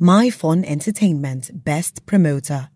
MyFon Entertainment Best Promoter.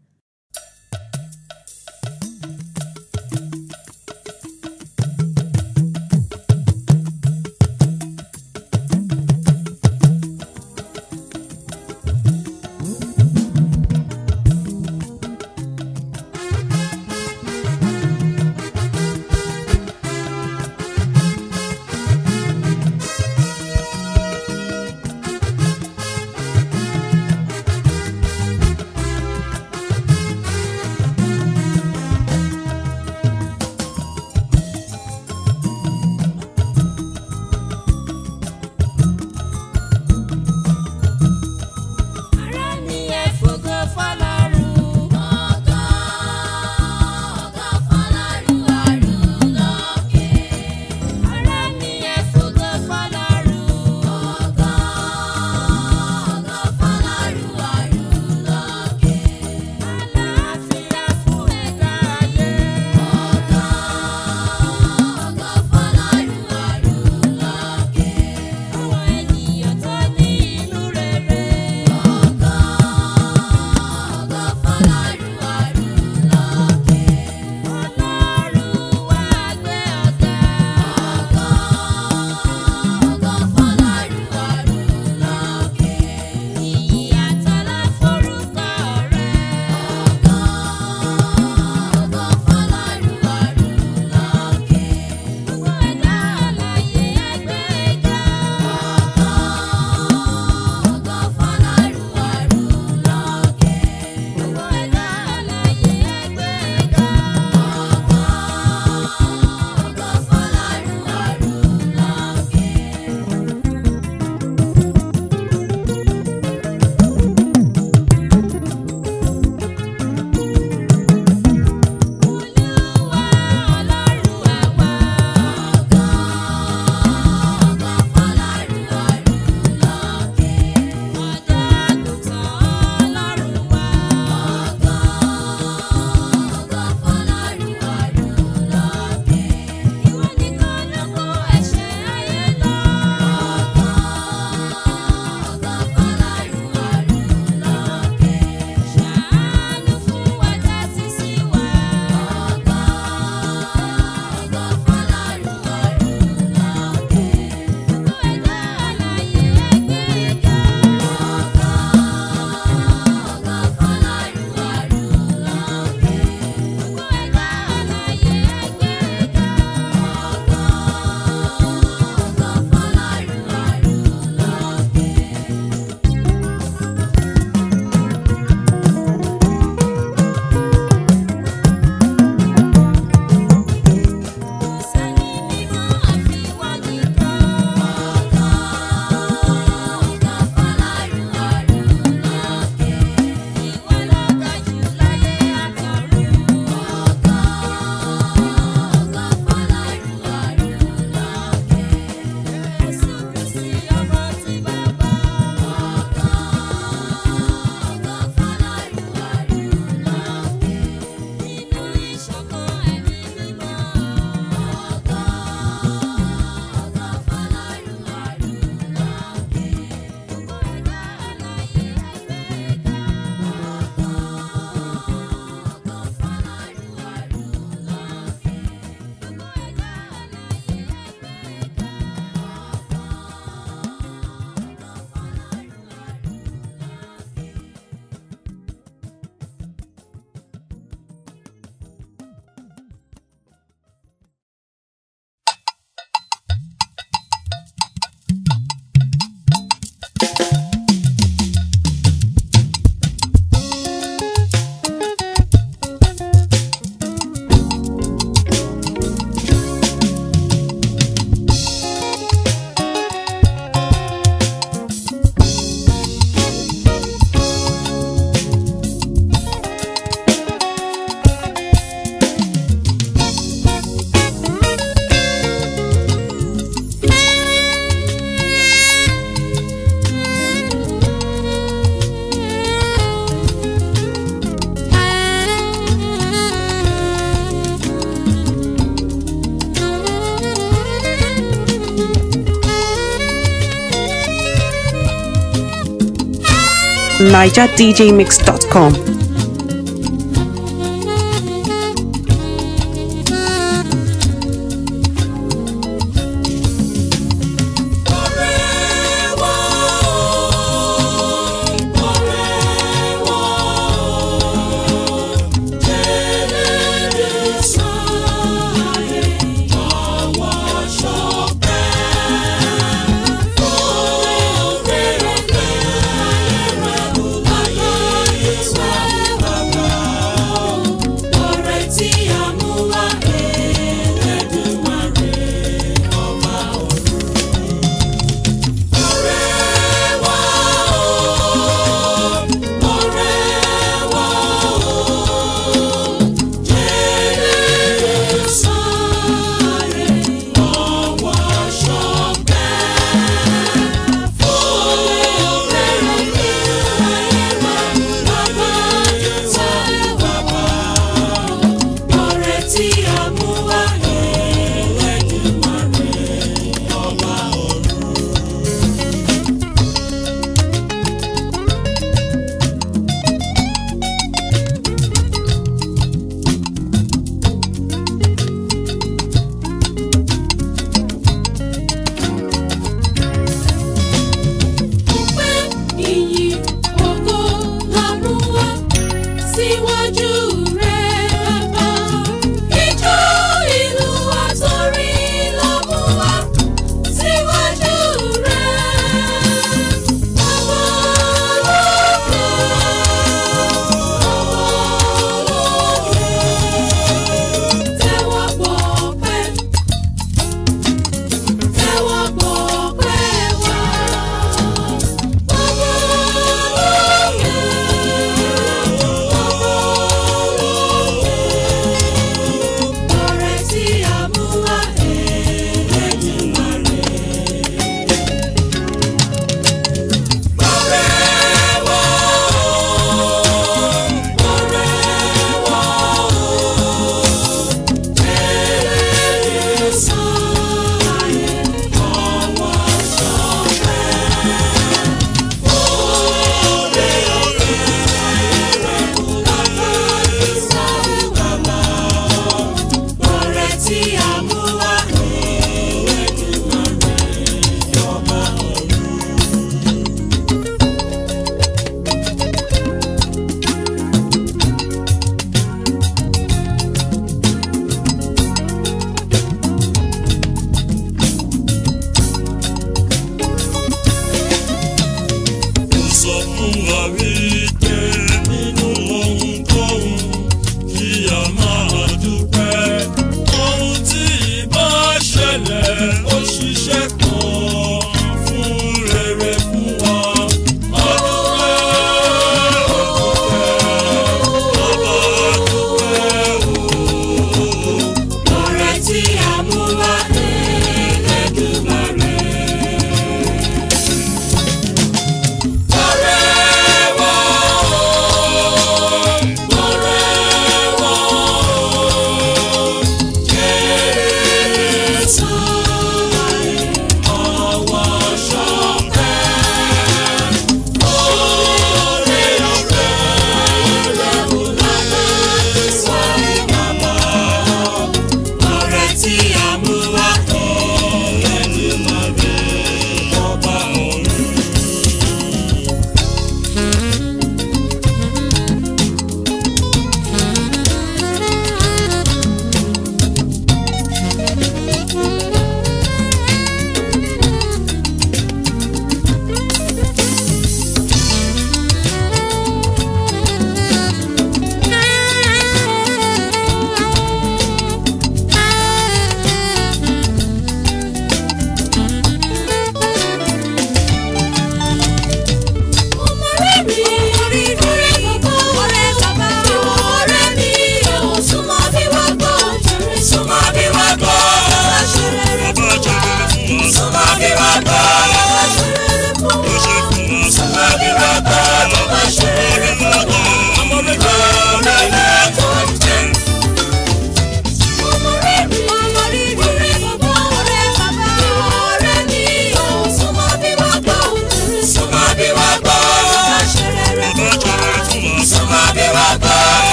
nigerdjmix.com.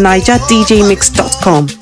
nigerDJmix.com.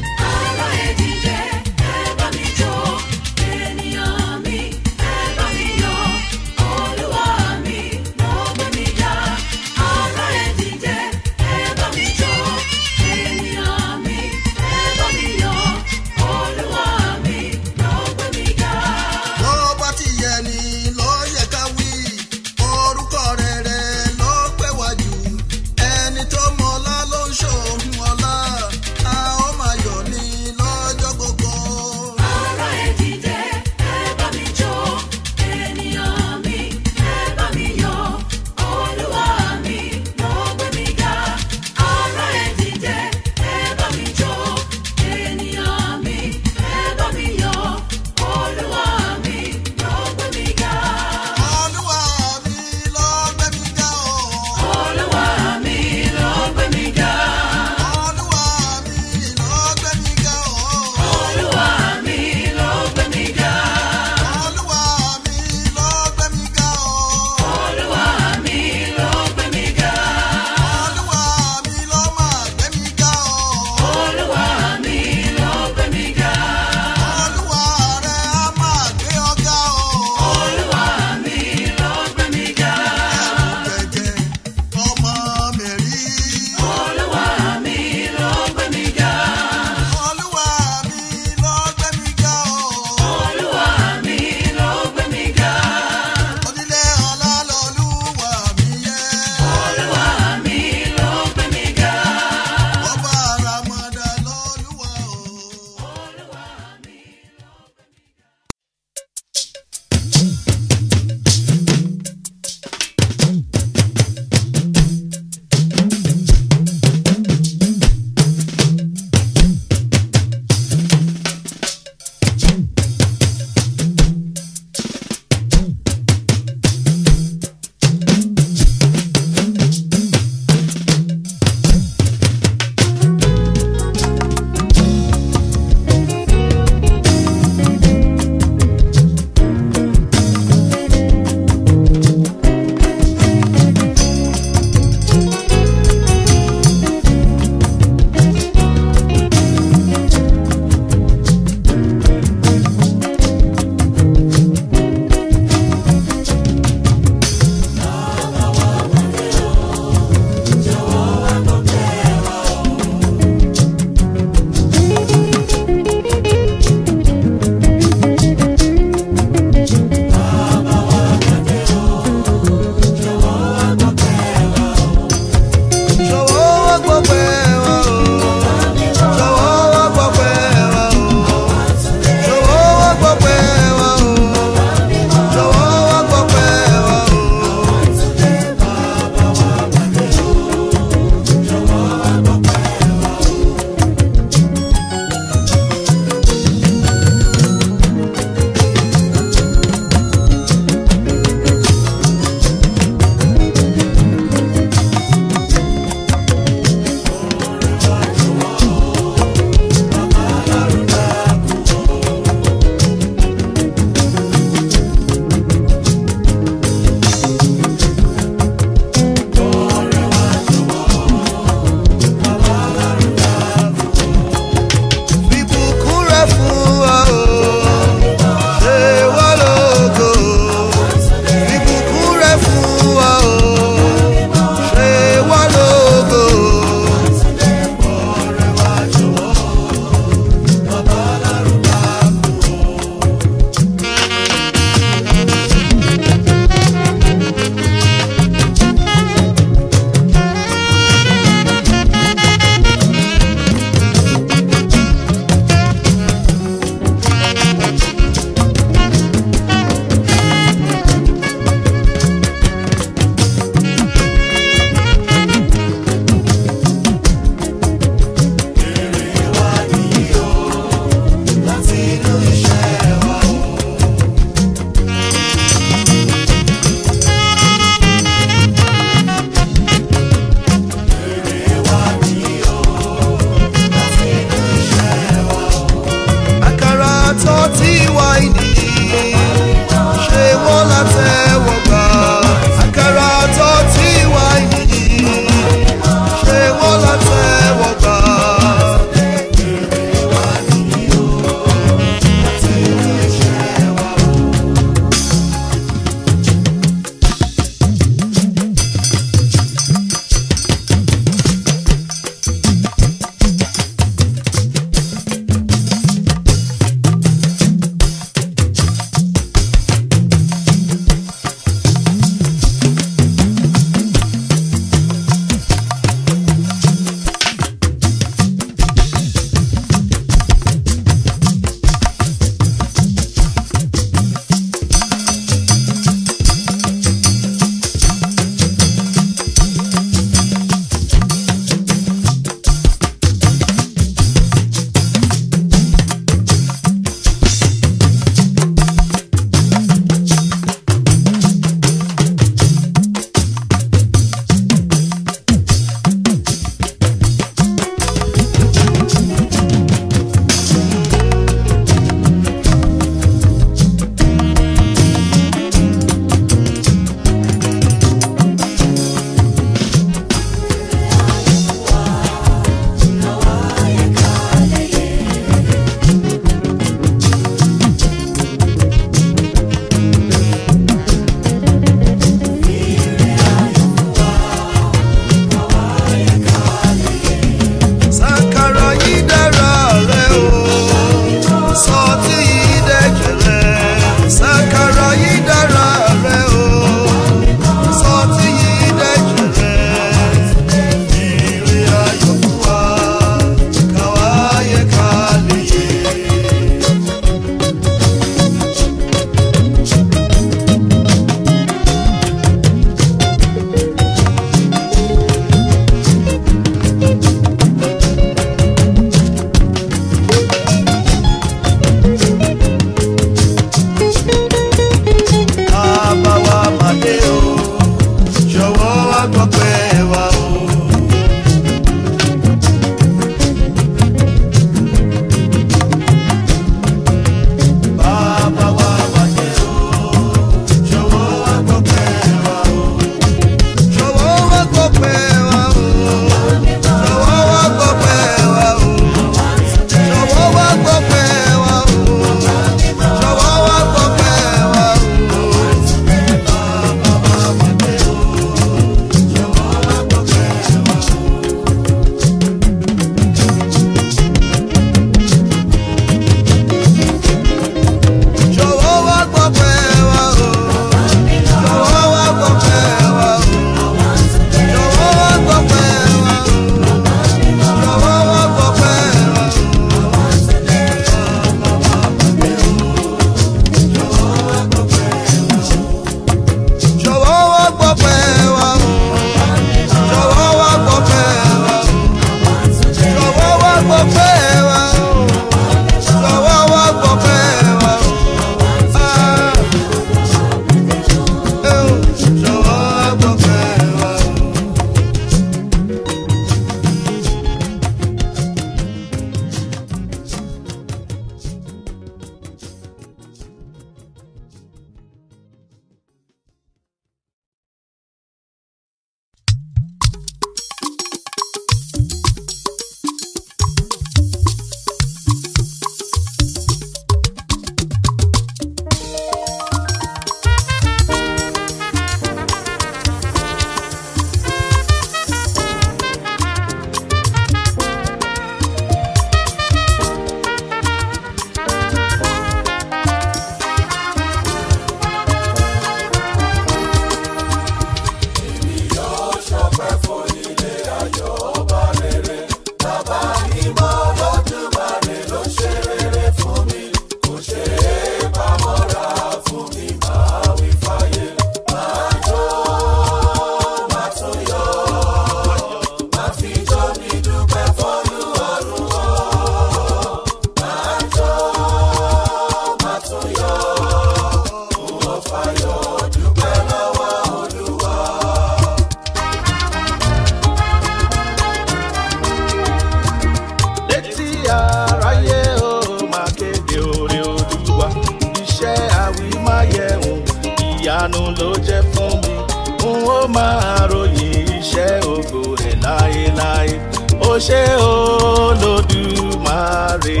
ṣe olódùmarè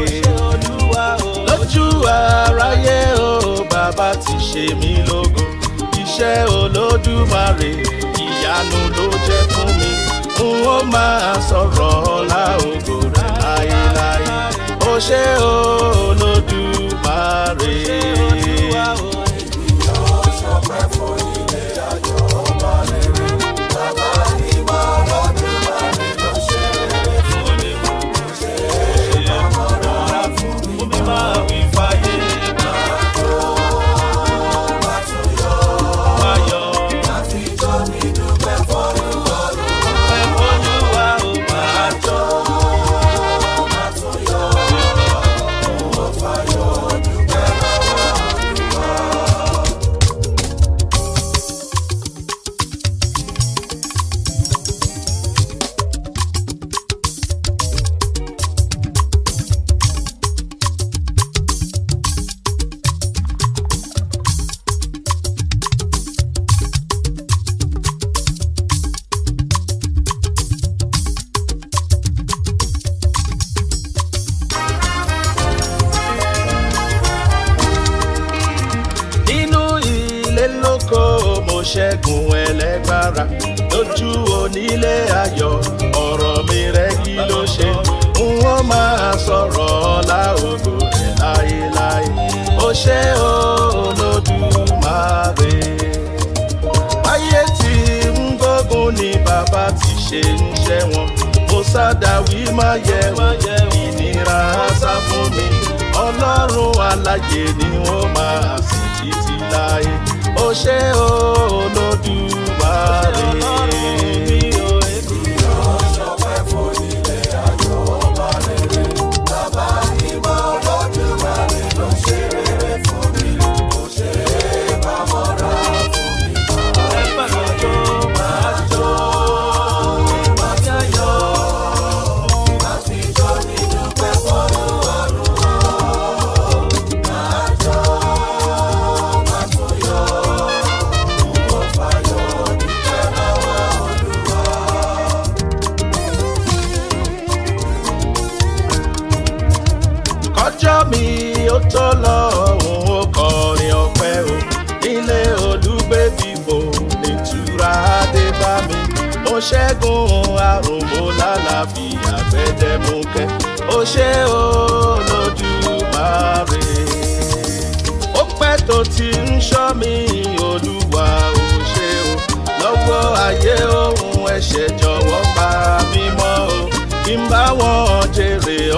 lójú aráyé o bàbá ti ṣe mí lógo iṣẹ́ olódùmarè ìyanu ló jẹ́ fún mi n ó máa sọ̀rọ̀ ọlá ògo rẹ̀ láéláé ó ṣe olódùmarè.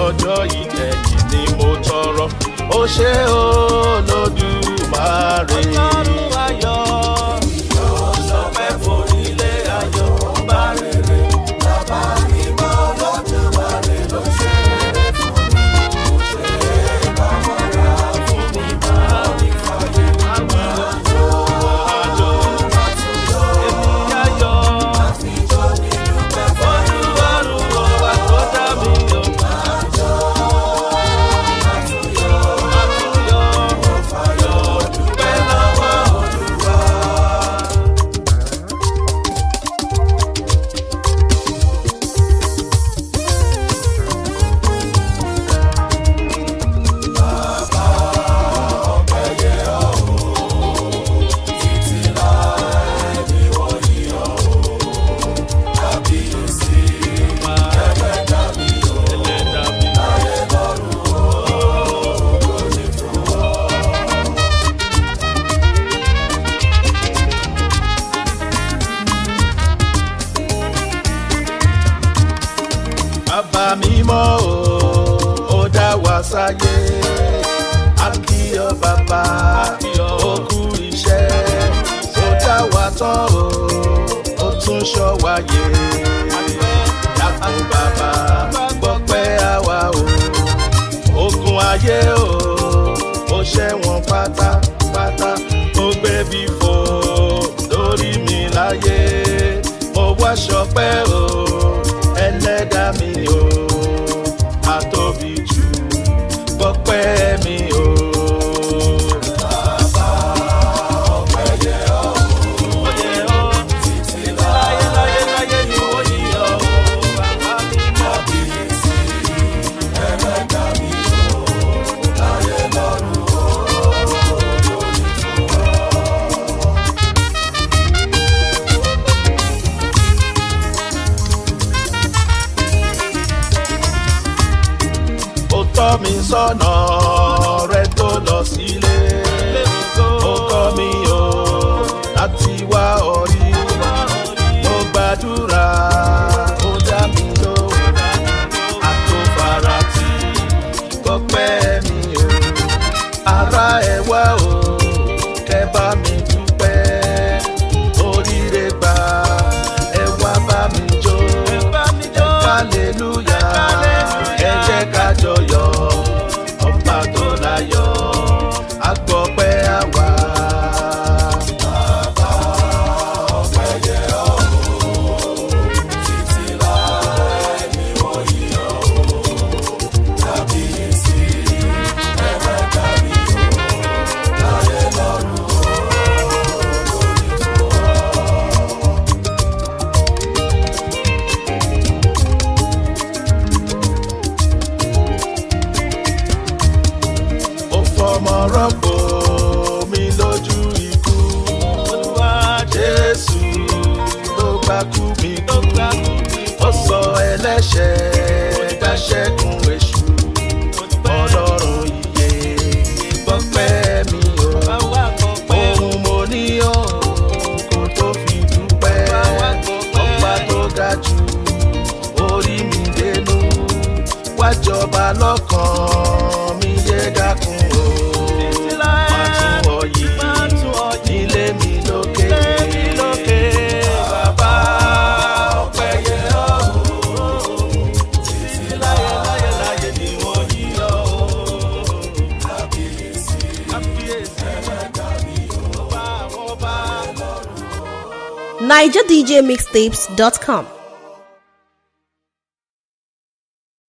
ọjọ́ ìkẹyìn ni mo tọrọ ó ṣe ó lódùmarè.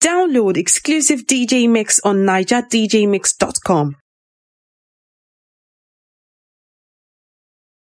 Download exclusive DJ Mix on nijadjmix.com.